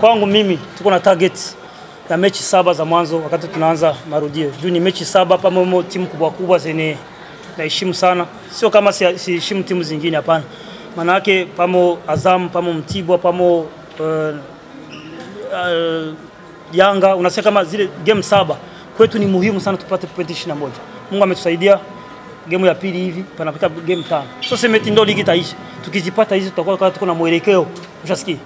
kwangu mimi tuko na target ya mechi saba za mwanzo wakati tunaanza marudio, juu ni mechi saba pamoja timu kubwa kubwa zenye naheshimu sana, sio kama siheshimu si timu zingine, hapana. Manake pamo Azam, pamo Mtibwa, pamo uh, uh, Yanga, unasikia kama zile game saba kwetu ni muhimu sana tupate point 21 Mungu ametusaidia game ya pili hivi panapita game tano, so semeti ndio ligi taisha. Tukizipata hizi tutakuwa tuko na mwelekeo, ushasikia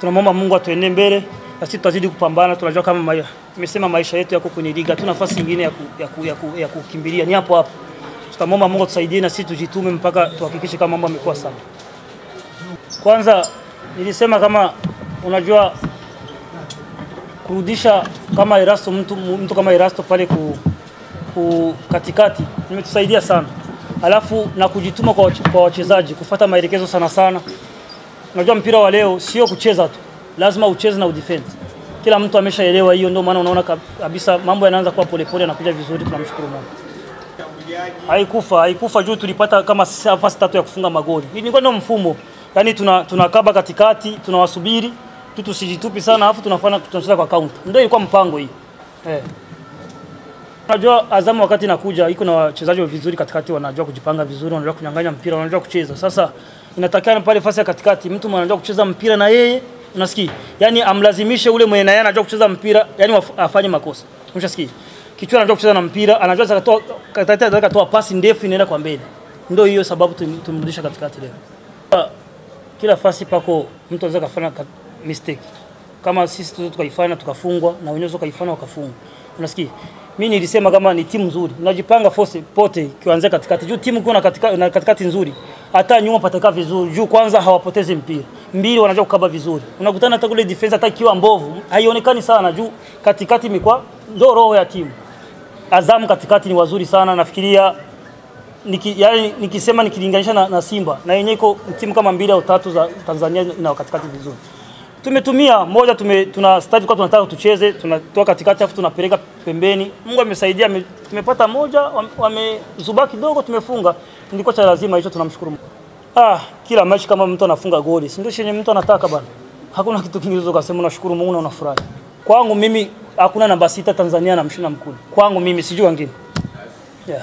tunamwomba Mungu atuende mbele na sisi tutazidi kupambana. Tunajua kama maya, tumesema maisha yetu yako kwenye liga, tuna nafasi nyingine ya, ku, ya, ku, ya, ku, ya kukimbilia ni hapo hapo. Tutamwomba Mungu atusaidie na sisi tujitume mpaka tuhakikishe kama mambo yamekuwa sawa. Kwanza nilisema kama unajua kurudisha kama Erasto mtu, mtu kama Erasto pale ku, ku katikati nimetusaidia sana, alafu na kujituma kwa, kwa wachezaji kufata maelekezo sana sana Unajua mpira wa leo sio kucheza tu, lazima ucheze na udefend. Kila mtu ameshaelewa hiyo, ndio maana unaona kabisa mambo yanaanza kuwa polepole, kuja vizuri. Tunamshukuru Mungu. Haikufa, haikufa juu tulipata kama nafasi tatu ya kufunga magoli. Hii ni ndio mfumo, yani tunakaba tuna, tunakaba katikati, tunawasubiri tu, tusijitupi sana, afu tunafanya tunacheza kwa kaunta, Ndio ilikuwa mpango hii eh. Unajua Azam wakati inakuja iko na wachezaji vizuri katikati, wanajua kujipanga vizuri, wanajua kunyang'anya mpira, wanajua kucheza. Sasa inatakikana pale fasi ya katikati mtu anajua kucheza mpira na yeye unasikia, yani amlazimishe ule mwenye naye anajua kucheza mpira, yani afanye makosa, umeshasikia kichwa, anajua kucheza na mpira, anajua atatoa katikati, atatoa pasi ndefu inaenda kwa mbele. Ndio hiyo sababu tumrudisha katikati leo. Kila fasi pako mtu anaweza kufanya mistake kama sisi tukaifanya tukafungwa, na wenyewe wakaifanya wakafungwa, unasikia mimi nilisema kama ni timu nzuri, unajipanga force pote kianzia katikati juu timu kuna katika, na katikati nzuri hata nyuma pataka vizuri juu kwanza hawapotezi mpira mbili, wanajua kukaba vizuri. Unakutana hata kule defense hata kiwa mbovu haionekani sana juu katikati mikwa, ndo roho ya timu. Azamu katikati ni wazuri sana, nafikiria niki, yani, nikisema nikilinganisha na, na Simba na yenyewe iko timu kama mbili au tatu za Tanzania ina katikati vizuri tumetumia moja tume, tuna stadi kwa tunataka tucheze, tunatoa katikati afu tunapeleka pembeni. Mungu amesaidia, tumepata moja, wamezubaa wame kidogo, tumefunga. Ndiko cha lazima hicho, tunamshukuru Mungu. Ah, kila mechi kama mtu anafunga goli, si ndio chenye mtu anataka bana. Hakuna kitu kingine ukasema unashukuru Mungu na unafurahi. Kwangu mimi hakuna namba sita Tanzania na mshina mkuu. Kwangu mimi sijui wengine. Yeah.